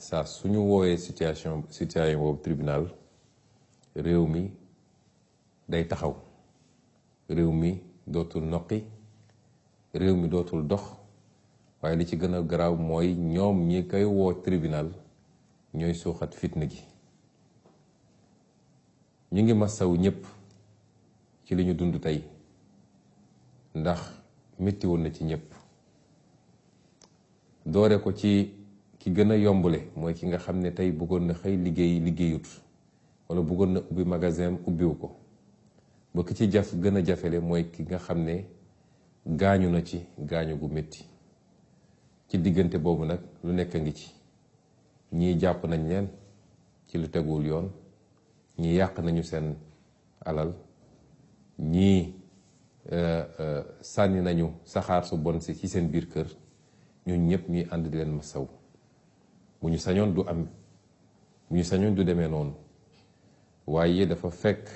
saa suñu wooyee situation situation boobu tribunal réew mi day taxaw réew mi dootul noppi réew mi dootul dox waaye li ci gën a garaaw mooy ñoom ñi koy woo tribunal ñooy suuxat fitna gi ñu ngi ma sew ñëpp ci li ñu dund tey ndax metti woon na ci ñëpp doore ko ci ki gën a yombule mooy ki nga xam ne tey bëggoon na xëy liggéey liggéeyut wala bëggoon na ubbi magasin ubbiwu ko ba ki ci jaf gën a jafele mooy ki nga xam ne gaañu na ci gaañu gu metti ci diggante boobu nag lu nekk ngi ci ñii jàpp nañ leen ci lu teguwul yoon ñii yàq nañu seen alal ñii euh, euh, sànni nañu saxaar su bon si ci seen biir kër ñun ñëpp ñu ànd di leen ma saw bu ñu sañoon du am bu ñu sañoon du demee noonu waaye dafa fekk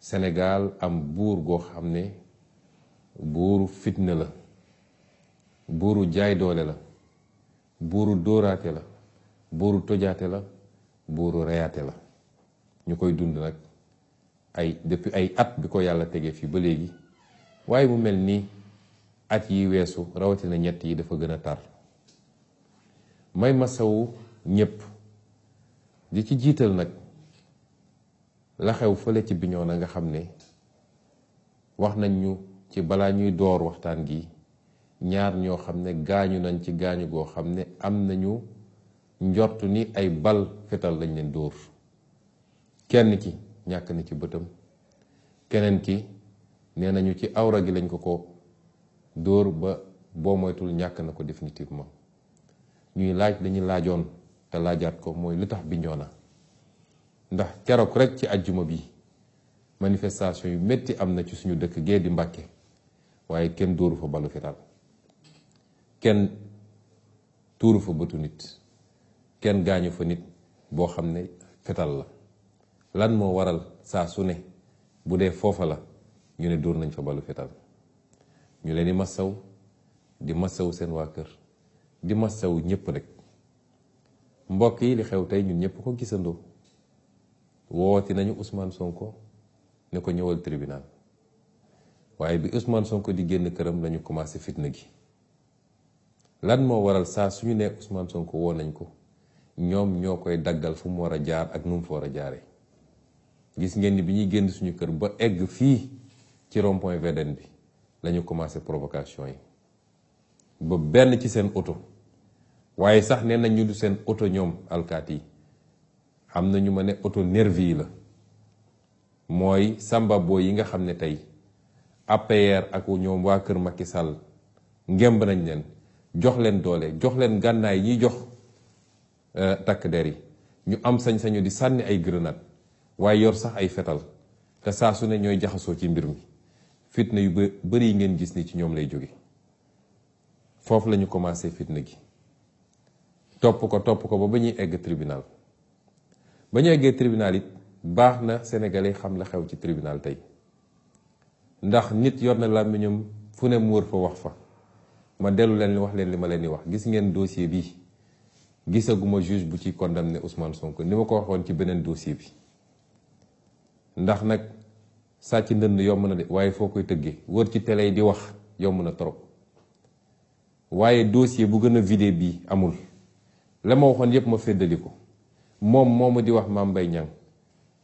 Sénégal am buur goo xam ne buuru fitna la buuru jaay doole la buuru dóoraate la buuru tojaate la buuru reyaate la ñu koy dund nag ay depuis ay at bi ko yàlla tegee fii ba léegi waaye mu mel ni at yi weesu rawatina ñett yi dafa gën a tar may ma masawu ñépp di ci jiital nag la xew fële ci biñoo na nga xam ne wax nañ ñu ci balaa ñuy door waxtaan gi ñaar ñoo xam ne gaañu nañ ci gaañu goo xam ne am nañu njort ni ay bal fetal lañ leen dóor kenn ki ñàkk na ci bëtam keneen ki nee nañu ci awra gi lañ ko ko dóor ba boo moytul ñàkk na ko définitivement ñuy laaj lañuy laajoon te laajaat ko mooy lu tax na ndax keroog rekk ci ajjuma bi manifestation yu métti am na ci suñu dëkk gee di Mbàkke waaye kenn dóoru fa balu fetal kenn tuuru fa bëtu nit kenn gaañu fa nit boo xam ne fetal la lan moo waral saa su ne bu dee foofa la ñu ne dóor nañ fa balu fetal ñu leen di masaw di masaw seen waa kër di ma sew ñëpp rek mbokk yi li xew tey ñun ñëpp ko gisandoo wooti nañu Ousmane Sonko ne ko ñëwal tribinal waaye bi Ousmane Sonko di génn këram lañu commencé fitna gi lan moo waral saa suñu ne Ousmane Sonko woo nañ ko ñoom ñoo koy daggal fu mu war a jaar ak nu mu fa war a jaare gis ngeen ni bi ñuy génn suñu kër ba egg fii ci rond point bi lañu commencé provocation yi ba benn ci seen oto waye sax nee nañ ñu du sen auto ñom alkati amna ñu auto nervi la moy samba booy yi nga xam tay APR ak ñom wa keur Macky Sall ngemb nañ len jox len doole jox len gannaay yi jox euh, takk der yi ñu am sañ-sañu di sanni ay grenade waaye yor sax ay fetal te sa su ne ñoy jaxaso ci mbir mi fitna yu beuri ngeen gis ni ci ñom lay joggé fofu lañu commencé fitna gi topp ko topp ko ba ba ñuy egg tribunal ba ñu eggee tribunal it baax na sénégalais xam la xew ci tribunal tey ndax nit yor na làmmiñam fu ne mu wër fa wax fa ma dellu leen wax leen li ma leen di wax gis ngeen dossier bi gisaguma juge bu ci condamné Ousmane sonk ni ma ko waxoon ci beneen dossier bi ndax nag sàcc ndënd yomb na de waaye foo koy tëggee wër ci tele yi di wax yomb na trop waaye dossier bu gën a vidé bi amul la ma waxoon yépp ma féddali ko moom moomu di wax Mame Mbaye Niang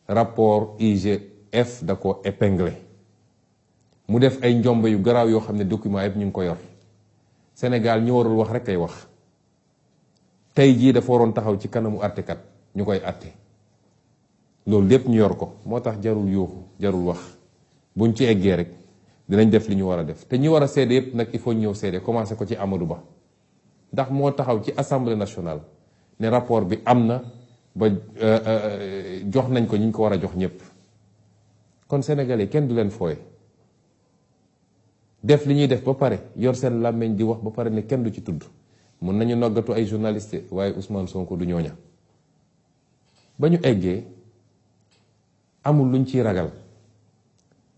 rapport IGF da ko épinglé mu def ay njomba yu garaaw yoo xam ne document yëpp ñu ngi ko yor Sénégal ñu warul wax rek ay wax tey jii dafa waroon taxaw ci kanamu àttekat ñu koy àtte loolu lépp ñu yor ko moo tax jarul yuuxu jarul wax buñ ci eggee rek dinañ def li ñu war a def te ñu war a seede yëpp nag il faut ñëw seede commencé ko ci amadu Ba ndax moo taxaw ci assemblée nationale ne rapport bi am na ba euh, euh, jox nañ ko ñi ñu ko war a jox ñëpp kon sénégal yi kenn du leen fooye def li ñuy def ba pare yor seen làmmiñ di wax ba pare ne kenn du ci tudd mun nañu noggatu ay journaliste waaye Ousmane Sonko du ñooña ba ñu eggee amul luñ ciy ragal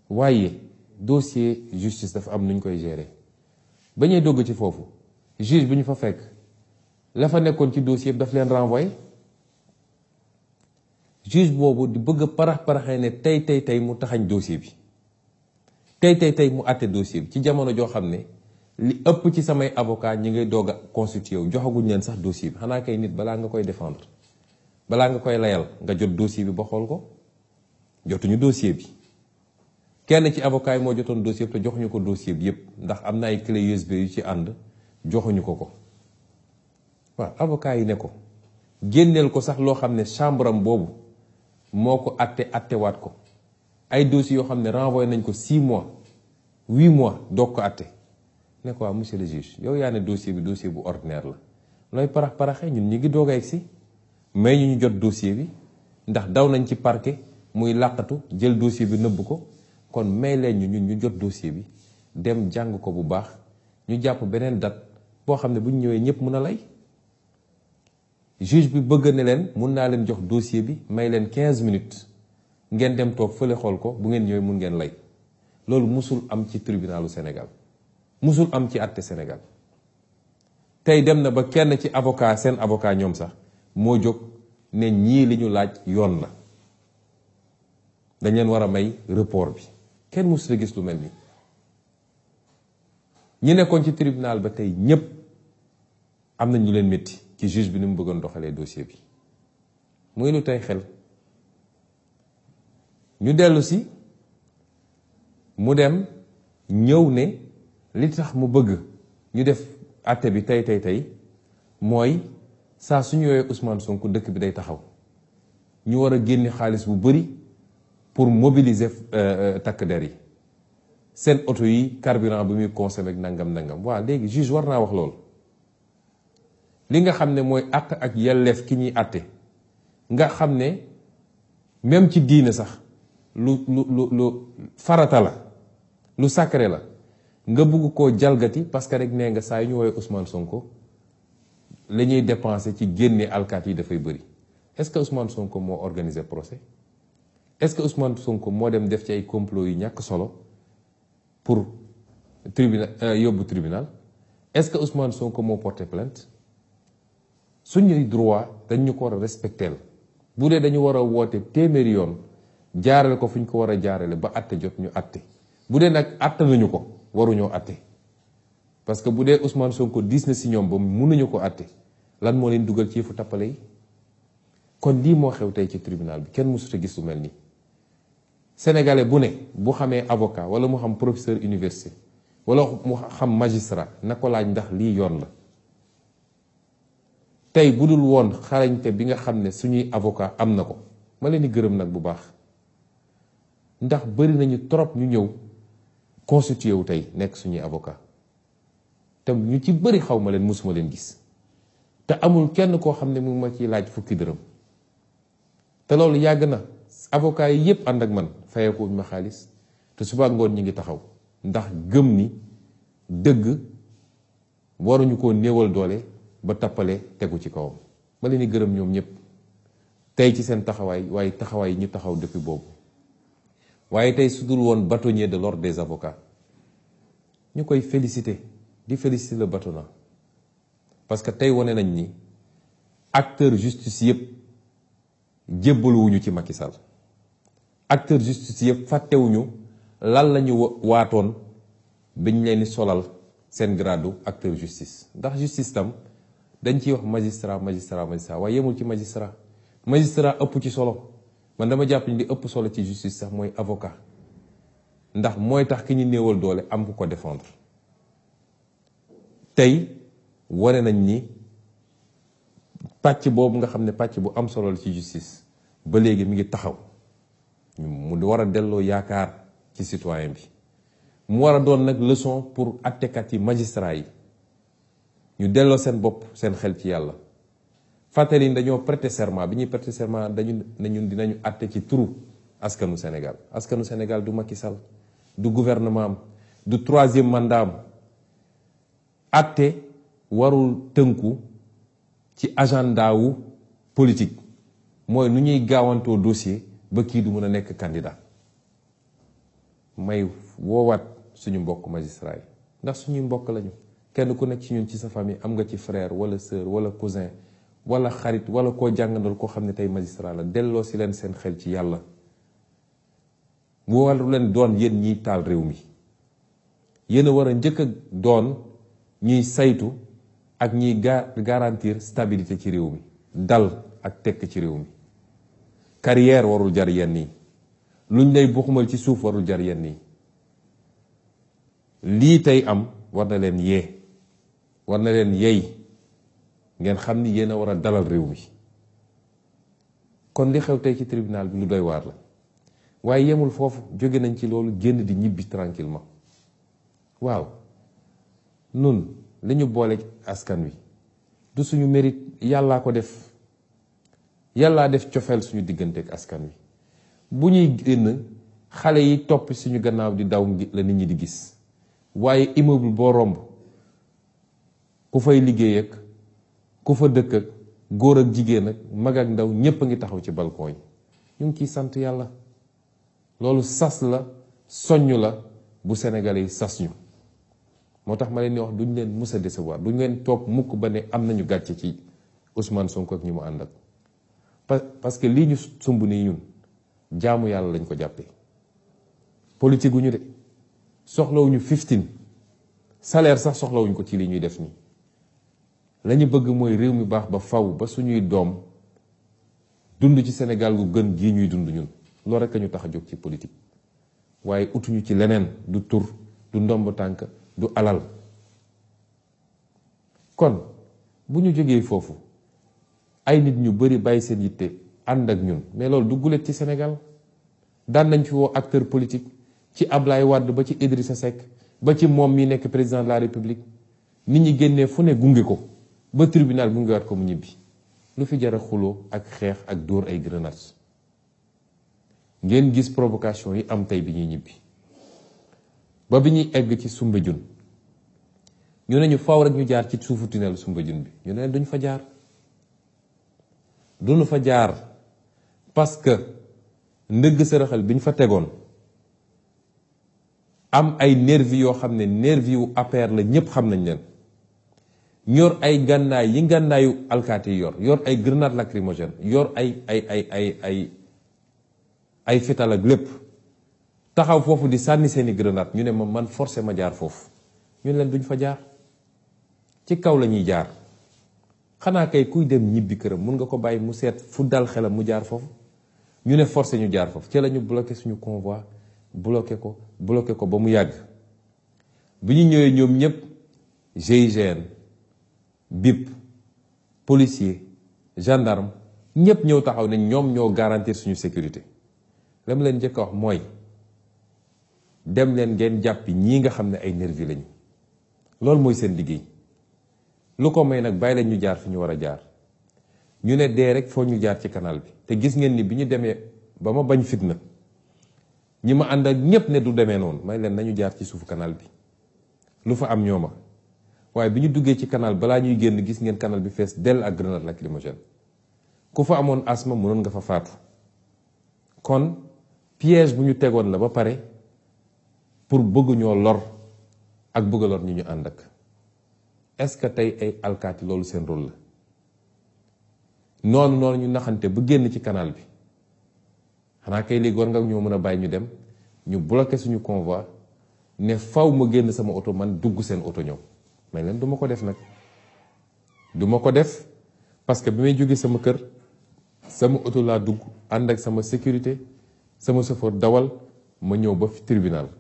waaye dossier justice dafa am nuñ koy gérer ba ñuy dogg ci foofu juge bi ñu fa fekk la fa nekkoon ci dossier bi daf leen renvoyé juge boobu di bëgg a parax paraxee ne tey tey tey mu taxañ dossier bi tey tey tey mu àtte dossier bi ci jamono joo xam ne li ëpp ci samay avocat ñi ngay doog a wu joxaguñ leen sax dossier bi xanaa kay nit balaa nga koy defendre balaa nga koy layal nga jot dossier bi ba xool ko jotuñu dossier bi kenn ci avocat yi moo jotoon dossier bi te joxuñu ko dossier bi yëpp ndax am na ay clé USB yu ci ànd. joxuñu ko ko waaw avocat yi ne ko génneel ko sax loo xam ne chambre am boobu moo ko atte waat ko ay dossiers yoo xam ne renvoyé nañ ko si mois 8 mois doog ko atte ne ko waaw monsieur le juge yow yaa ne dossier bi dossier bu ordinaire la looy parax paraxe ñun ñu ngi doog a si may ñu ñu jot dossier bi ndax daw nañ ci parquet muy làqatu jël dossier bi nëbb ko kon may leen ñu ñun ñu jot dossier bi dem jàng ko bu baax ñu jàpp beneen date. boo xam ne buñ ñëwee ñëpp mun a lay juge bi bëgg ne leen mun naa leen jox dossier bi may leen quinze minutes ngeen dem toog fële xool ko bu ngeen ñëwee mun ngeen lay loolu musul am ci tribunalu senegal mosul am ci àtte senegal tey dem na ba kenn ci avocat seen avocat ñoom sax moo jóg ne ñii li ñu laaj yoon la dañ leen war a may report bi kenn musul gis lu mel nii. ñi nekkoon ci tribunal ba tey ñëpp am na ñu leen métti ci juge bi ni mu bëggoon doxalee dossier bi muy lu tey xel ñu dellu si mu dem ñëw ne li tax mu bëgg ñu def àtte bi tey tey tey mooy saa suñu yooyee Ousmane Sonko dëkk bi day taxaw ñu war a génne xaalis bu bëri pour mobiliser euh, euh, takk der yi seen oto yi carburant bi muy consommé ak nangam nangam waa léegi juge war naa wax loolu li nga xam ne mooy àq ak yelleef ki ñuy àtte nga xam ne même ci diine sax lu lu lu lu farata la lu sacré la nga bugg koo jalgati parce que rek nee nga saa yu ñu woowee Ousmane Sonko la ñuy dépensé ci génne alkaat yi dafay bëri est-ce que Ousmane Sonko moo organisé procès est-ce que Ousmane Sonko moo dem def ci ay complot yu ñàkk solo. pour tribunal euh, yóbbu tribunal est-ce que Ousmane Sonko moo porté plainte suñuy droit dañ ñu ko war a respecteel bu dee dañu war a woote téeméeri yoon jaarale ko fu ñu ko war a jaarale ba atte jot ñu atte bu dee nag atte nañu ko waruñoo atte parce que bu dee Ousmane Sonko diis na si ñoom ba mun nañu ko atte lan moo leen dugal ci fu tappale yi kon lii moo xew tey ci tribunal bi kenn mësut a gis lu mel nii sénégalais bu ne bu xamee avocat wala mu xam professeur université wala mu xam magistrat na ko laaj ndax lii yoon la tey bu dul woon xarañte bi nga xam ne suñuy avocat am na ko ma leen di gërëm nag bu baax ndax bëri nañu trop ñu ñëw constitué wu tey nekk suñuy avocat te ñu ci bëri xaw ma leen mosuma leen gis te amul kenn koo xam ne mu ma ciy laaj fukki dërëm te loolu yàgg na avocat yi yëpp ànd ak man fayeeku wuñ ma xaalis te suba ngoon ñi ngi taxaw ndax gëm ni dëgg waruñu ko néewal doole ba tappale tegu ci kawam ma leen di gërëm ñoom ñëpp tey ci seen taxawaay waaye taxawaay yi ñu taxaw depuis boobu waaye tey su dul woon ñee de l'ordre des avocats ñu koy félicité di félicité la bâtonnat parce que tey wane nañ ni acteur justice yëpp jébbaluwuñu ci Macky acteur justice yëpp fàttewuñu lan la ñu waatoon biñ leen di solal seen gradu acteur justice ndax justice tam dañ ciy wax magistrat magistrat magistrat waaye yemul ci magistrat magistrat ëpp ci solo man dama jàpp ni di ëpp solo ci justice sax mooy avocat ndax mooy tax ki ñu néewal doole am ku ko défendre tey wane nañ ni pàcc boobu nga xam ne pàcc bu am solo la ci justice ba léegi mi ngi taxaw mu war a delloo yaakaar ci citoyen bi mu war a leçon pour attekat yi magistrat yi ñu delloo seen bopp seen xel ci yàlla serment bi ñuy prêter serment dañu askanu Sénégal askanu Sénégal du du gouvernement du troisième mandat am warul tënku ci agenda wu politique nous nu ñuy gaawantoo dossier ba kii du mën a nekk candidat may woowaat suñu mbokk magistrat yi ndax suñuy mbokk lañu kenn ku nekk ci ñun ci sa famille am nga ci frère wala sœur wala cousin wala xarit wala koo jàngandal koo xam ne tey magistrat la delloo si leen seen xel ci yàlla walu leen doon yéen ñiy taal réew mi yéen a war a njëkk a doon ñuy saytu ak ñiy garantir stabilité ci réew mi dal ak tekk ci réew mi carrière warul jar yenn yi luñ lay buxumal ci suuf warul jar yenn yi lii tey am war na leen yee war na leen yey ngeen xam ni yéen a war a dalal réew mi kon li xew tey ci tribunal bi lu doy waar la waaye yemul foofu jóge nañ ci loolu génn di ñibbi tranquillement waaw nun li ñu boole askan wi du suñu mérite yàllaa ko def yàllaa def cofeel suñu diggante ak askan wi bu ñuy génn xale yi topp suñu gannaaw di daw la nit ñi di gis waaye immeuble boo romb ku fay liggéey ak ku fa dëkk ak góor ak jigéen ak mag ak ndaw ñépp a ngi taxaw ci balcon yi ñu ngi kiy sant yàlla loolu sas la soññ la bu Sénégalais yi sas ñu moo tax ma leen di wax duñ leen mus a décevoir duñ leen toog mukk ba ne am na ñu gàcce ci Ousmane Sonko ak ñi mu ànd ak parce que lii ñu sumb nii ñun jaamu yàlla lañ ko jàppee politique gu ñu de soxlawuñu 15 salaire sax soxlawuñ ko ci li ñuy def nii la bëgg mooy réew mi baax ba faw ba suñuy doom dund ci senegal gu gën jii ñuy dund ñun loolu rek a ñu tax a jóg ci politique waaye utuñu ci leneen du tur du ndomb tànk du alal kon bu ñu jógee foofu ay nit ñu bëri bàyyi seen yitte ànd ak ñun mais loolu du gulet ci Sénégal daan nañ fi woo acteur politique ci Ablaye Wade ba ci Idrissa Seck ba ci moom mi nekk président de la République nit ñi génnee fu ne gunge ko ba tribunal gunge waat ko mu ñibbi lu fi jara xuloo ak xeex ak dóor ay grenades ngeen gis provocation yi am tey bi ñuy ñibbi ba bi ñuy egg ci Soumbédioune ñu ne ñu faw rek ñu jaar ci suufu tunnel Soumbédioune bi ñu ne duñ fa jaar du fa jaar parce que ndëgg sërëxal bi ñu fa tegoon am ay nervi yoo xam ne nervi yu APR la ñëpp xam nañ leen yor ay gànnaay yi gànnaayu alkaati yi yor yor ay grenade lacrymogène yor ay ay ay ay ay ay fital ak lépp taxaw foofu di sànni seeni grenade ñu ne ma man forcé ma jaar foofu ñu ne leen duñ fa jaar ci kaw la ñuy jaar xanaa kay kuy dem ñibbi këram mun nga ko bàyyi mu seet fu dal xelam mu jaar foofu ñu ne forcé ñu jaar foofu ci la ñu bloqué suñu convoi bloqué ko bloqué ko ba mu yàgg bi ñu ñëwee ñoom ñëpp GIGN BIP policier gendarme ñëpp ñëw taxaw ne ñoom ñoo garantir suñu sécurité la mu leen njëkk a wax mooy dem leen ngeen jàpp ñii nga xam ne ay nervi lañu loolu mooy seen liggéey. lu ko may nag bàyyi leen ñu jaar fi ñu war a jaar ñu ne dee rek foo ñu jaar ci kanaal bi te gis ngeen ni bi ñu demee ba ma bañ fitna ñi ma ànd ak ñépp ne du demee noonu may leen nañu jaar ci suufu kanaal bi lu fa am ñoo ma waaye bi ñu duggee ci canal balaa ñuy génn gis ngeen canal bi fees dell ak grenade lacrymogène ku fa amoon asma mënoon nga fa faatu kon piège bu ñu tegoon la ba pare pour bëgg lor ak bëgg a lor ñi ñu ànd ak est-ce que tey ay alkaati loolu seen rôle la noonu noonu ñu naxante bu génn ci canal bi xanaa kay léegi war nga ñoo mën a bàyyi ñu dem ñu bloqué suñu convoi ne faw ma génn sama oto man dugg seen oto ñëw mais leen duma ko def nag duma ko def parce que bi may jógee sama kër sama oto laa dugg ànd ak sama sécurité sama chauffeur dawal ma ñëw ba fi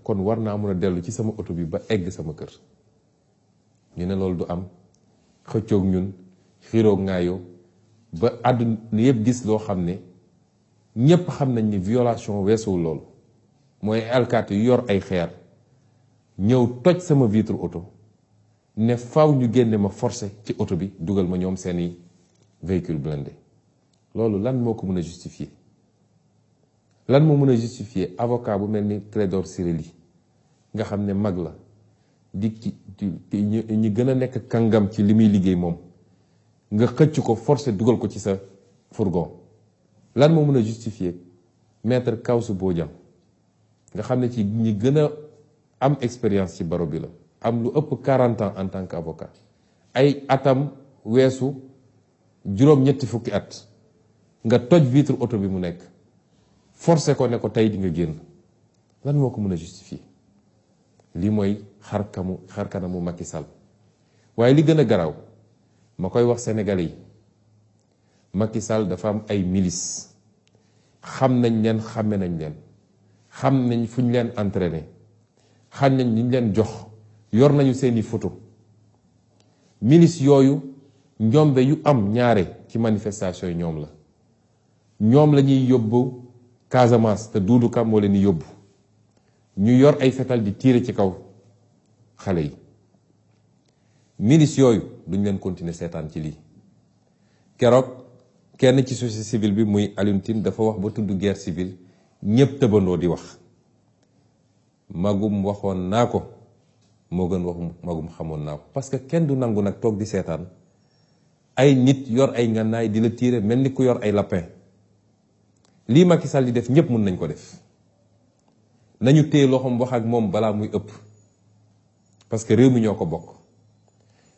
kon war naa mën a dellu ci sama oto bi ba egg sama kër ñu ne loolu du am xëccoog ñun xiroog ngaayoo ba àdduna yëpp gis loo xam ne ñépp xam nañ ni violation weesuwul loolu mooy alkaati yu yor ay xeer ñëw toj sama vitre oto ne faw ñu génne ma forcé ci oto bi dugal ma ñoom seeni véhicule blindé loolu lan moo ko mën a justifier lan moo mën a justifier avocat bu mel ni Clédor Ciré Ly nga xam ne mag la di ñi gën a nekk kàngam ci li muy liggéey moom nga xëcc ko forcé dugal ko ci sa fourgon lan moo mën a kaw maître Kawsu jan nga xam ne ci ñi gën a am expérience ci baro bi la am lu ëpp 40 ans en tant qu'avocat ay atam weesu juróom-ñetti fukki at nga toj vitre oto bi mu nekk forcé ko ne ko tey di nga génn lan moo ko mën a justifier li mooy xar kamu xar kanamu Macky Sall waaye li gën a garaaw ma koy wax sénégalais yi Macky Sall dafa am ay milice xam nañ leen xàmme nañ leen xam nañ fu ñu leen entraîné xam nañ li ñu leen jox yor nañu seeni photo milice yooyu njombe yu am ñaare ci manifestation yi ñoom la ñoom la ñuy yóbbu Casamance te duudu Ka moo leen di yóbbu ñu yor ay fetal di tiire ci kaw xale yi milice yooyu duñ leen continuer seetaan ci lii keroog kenn ci société civile bi muy Alioune dafa wax ba tudd guerre civile ñëpp tëbandoo di wax magum waxoon naa ko moo gën wax magum xamoon naa parce que kenn du nangu nag toog di seetaan ay nit yor ay ngànnaay di la tiire mel ni ku yor ay lapin lii Macky Sall di def ñëpp mun nañ ko def nañu téye loxoom wax ak moom balaa muy ëpp parce que réew mi ñoo ko bokk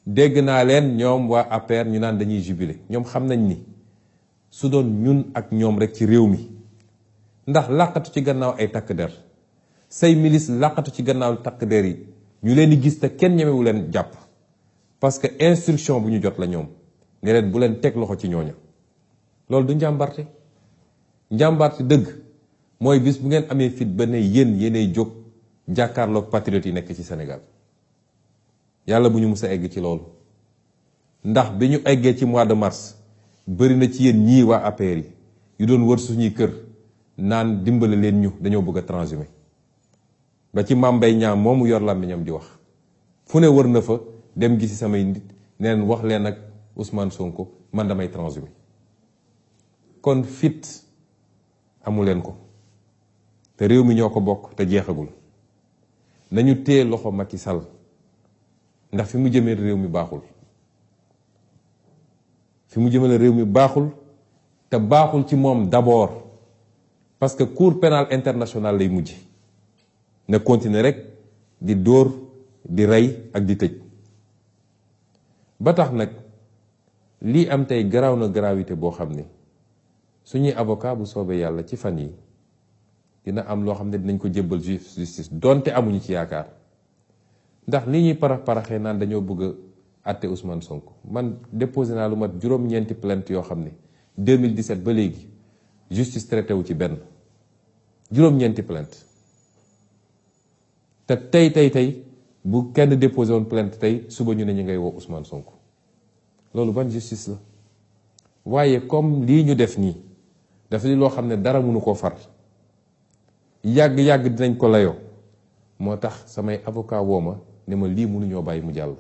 dégg naa leen ñoom waa APR ñu naan dañuy jubilé ñoom xam nañ ni su doon ñun ak ñoom rek ci réew mi ndax làqatu ci gannaaw ay takk der say milice làqatu ci gannaaw takk der yi ñu leen di gis te kenn ñemewu leen jàpp parce que instruction bu ñu jot la ñoom ne bu leen teg loxo ci ñooña loolu du njàmbarte njàmbarte dëgg moy bis bu ngeen amé fit ba yen yéen yéenay jóg jàkkaarloog patriote yi ya ci Sénégal yalla buñu mësa égg ci lool ndax biñu éggé ci mois de mars bëri na ci yeen ñi wa APR yi yu doon wër suñu kër naan dimbalé leen ñu dañoo bëgg transhumé ba ci mambay ñaam moomu yor ñam di wax fu wër na fa dem gisi samay nit neen wax leen ak Ousmane Sonko man damay transhumé kon fit amulen ko te réew mi ñoo ko bokk te jeexagul nañu téye loxo Macky Sall ndax fi mu jëmee réew mi baaxul fi mu jëmale réew mi baaxul te baaxul ci moom d'abord parce que cour pénale internationale lay mujj na continuer rek di dóor di rey ak di tëj ba tax nag lii am tey garaaw na gravité boo xam ni suñuy avocat bu soobee yàlla ci fan yi dina am lo xamne dinañ ko jébbal justice donte amuñu ci yaakar ndax li ñuy parax paraxee naan dañoo bëgg atté Ousmane Sonko man déposé na lu mat juroom ñenti plainte yo xamne 2017 ba légui justice traité wu ci ben juroom ñenti plainte ta tay tay tay bu kenn déposé won plainte tay suba ñu ne ñi ngay wo Ousmane Sonko lolu ban justice la waye comme li ñu def ni dafa li lo xamne dara mënu ko far yàgg-yàgg dinañ ko layoo moo tax samay avocat woo ma ne ma lii mënuñoo bàyyi mu jàll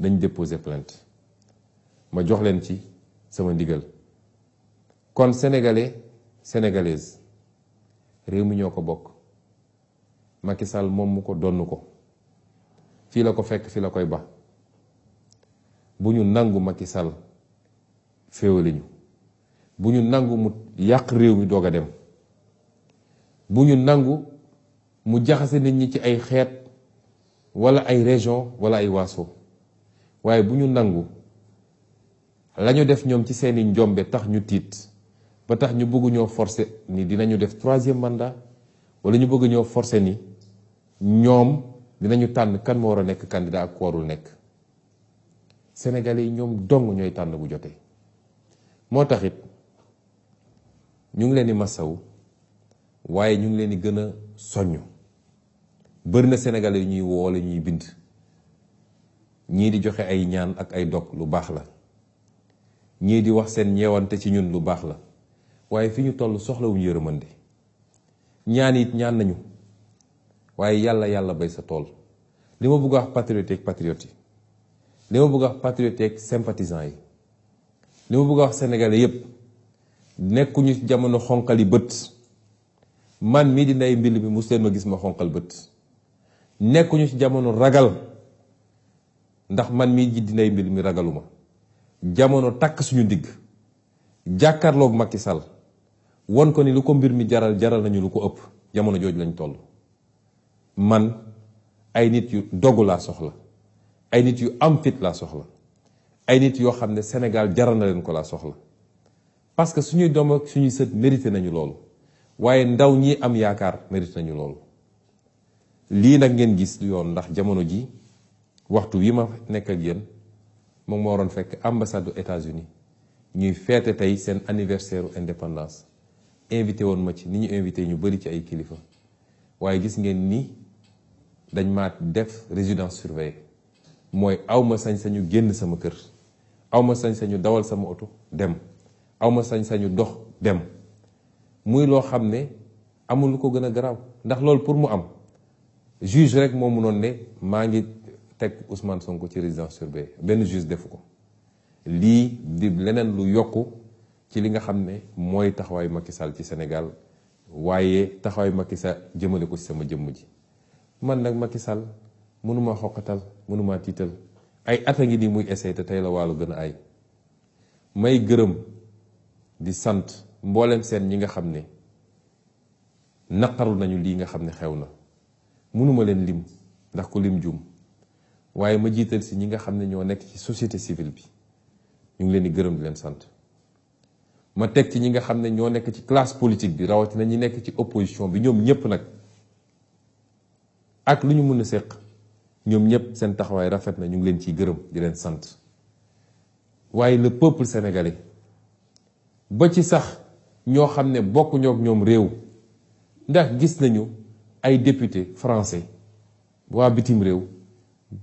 dañ déposer plainte ma jox leen ci sama ndigal kon sénégalais sénégalaise réew mi ñoo ko bokk Macky Sall moom mu ko donn ko fii la ko fekk fii la koy ba bu ñu nangu Macky Sall féewale ñu bu ñu nangu mu yàq réew mi doog a dem bu ñu nangu mu jaxase nit ñi ci ay xeet wala ay région wala ay waaso waaye bu ñu nangu lañu def ñoom ci seeni njombe tax ñu tiit ba tax ñu bëgg ñoo forcer ni dinañu def troisième mandat wala ñu bëgg ñoo forcer ni ñoom dinañu tànn kan moo war a nekk candidat ak ku nekk Sénégalais yi ñoom dong ñooy tànn bu jotee moo tax it ñu ngi leen di masawu waaye ñu ngi leen di gën a soññ bëri na sénégalais yi ñuy woole ñuy bind ñii di joxe ay ñaan ak ay dog lu baax la ñii di wax seen ñeewante ci ñun lu baax la waaye fi ñu toll soxlawuñu yërëmande ñaan it ñaan nañu waaye yàlla yàlla bay sa tool li ma bëgg a wax patriote ak patriote yi li ma bëgg a wax patriote ak sympathisant yi li ma bëgg a wax sénégalais yépp nekkuñu jamono xonqali bët man mii di ndey mbill mi mu seen ma gis ma xonqal bët nekkuñu ci jamono ragal ndax man mii di ndey mbill mi ragaluma jamono takk suñu ndigg jàkkaarloog Macky sal won ko ni lu ko mbir mi jaral jaral nañu lu ko ëpp jamono jooju lañu toll man ay nit yu dogu laa soxla ay nit yu am fit laa soxla ay nit yoo xam ne Sénégal jaral na leen ko laa soxla parce que suñuy doom ak suñuy sët mérité nañu loolu waaye ndaw ñii am yaakaar mérite nañu loolu lii nag ngeen gis yoon ndax jamono ji waxtu wi ma nekk ak yéen moom moo waroon fekk ambassade u États-Unis ñuy feete tey seen anniversaire indépendance invité woon ma ci ni ñu invité ñu bëri ci ay kilifa waaye gis ngeen nii dañ ma def résidence surveillée mooy awma sañ-sañu génn sama kër awma sañ-sañu dawal sama oto dem awma sañ-sañu dox dem muy loo xam ne amul lu ko gën a garaaw ndax loolu pour mu am juge rek moo mënoon ne maa ngi teg Ousmane Sonko ci résidence surveillée benn juge defu ko lii di leneen lu yokk ci li nga xam ne mooy taxawaayu Macky Sall ci Sénégal waaye taxawaayu Macky Sall jëmale ko ci sama jëmm ji man nag ma Macky Sall mënumaa xoqatal mënumaa tiital ay at a ngi nii muy essayé te tey la wàllu gën a ay may gërëm di sant mboolem seen ñi nga xam ne naqaru nañu lii nga xam ne xew na mënuma leen lim ndax ko lim jum waaye ma jiital si ñi nga xam ne ñoo nekk ci société civile bi ñu ngi leen di gërëm di leen sant ma teg ci ñi nga xam ne ñoo nekk ci classe politique bi rawatina ñi nekk ci opposition bi ñoom ñëpp nag ak lu ñu mën a séq ñoom ñëpp seen taxawaay rafet na ñu ngi leen ciy gërëm di leen sant waaye le peuple sénégalais ba ci sax ñoo xam ne bokkuñoo ak ñoom réew ndax gis nañu ay député français waa bitim réew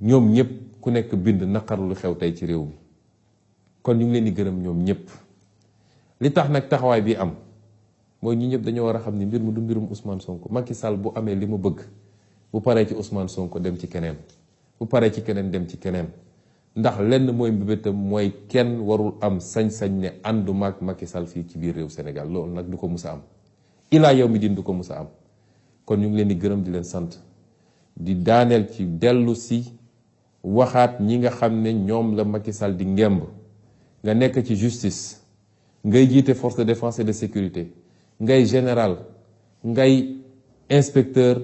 ñoom ñëpp ku nekk bind lu xew tey ci réew mi kon ñu ngi leen di gërëm ñoom ñëpp li tax nag taxawaay bi am mooy ñu ñëpp dañoo war a xam ni mbir mu du mbirum Ousmane sonk Macky Sall bu amee li mu bëgg bu paree ci Ousmane Sonko dem ci keneen bu paree ci keneen dem ci keneen ndax lenn mooy mbébétam mooy kenn warul am sañ-sañ ne ànduma ak Macky Sall fii ci biir réew Sénégal loolu nag du ko mus a am ilaa yow mi din du ko mus a am kon ñu ngi leen di gërëm di leen sant di daaneel ci dellu si waxaat ñi nga xam ne ñoom la Macky Sall di ngemb nga nekk ci justice ngay jiite force de défense et de sécurité ngay général ngay inspecteur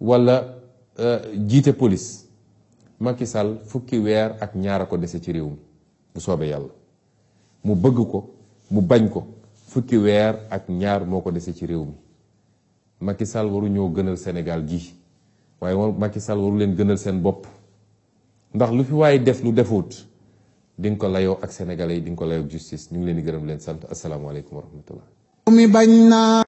walla euh, jiite police Macky Sall fukki weer ak ñaar a ko dese ci réew mi bu soobee yàlla mu bëgg ko mu bañ ko fukki weer ak ñaar moo ko dese ci réew mi Macky Sall waru ñoo gënal senegal gi waaye Macky Sall waru leen gënal seen bopp ndax lu fi waaye def lu defuut di nga ko layoo ak sénégalais yi di nga ko layoo ak justice ñu ngi leen di gërëm leen sant asalaamaaleykum wa rahmatullah mi bañ naa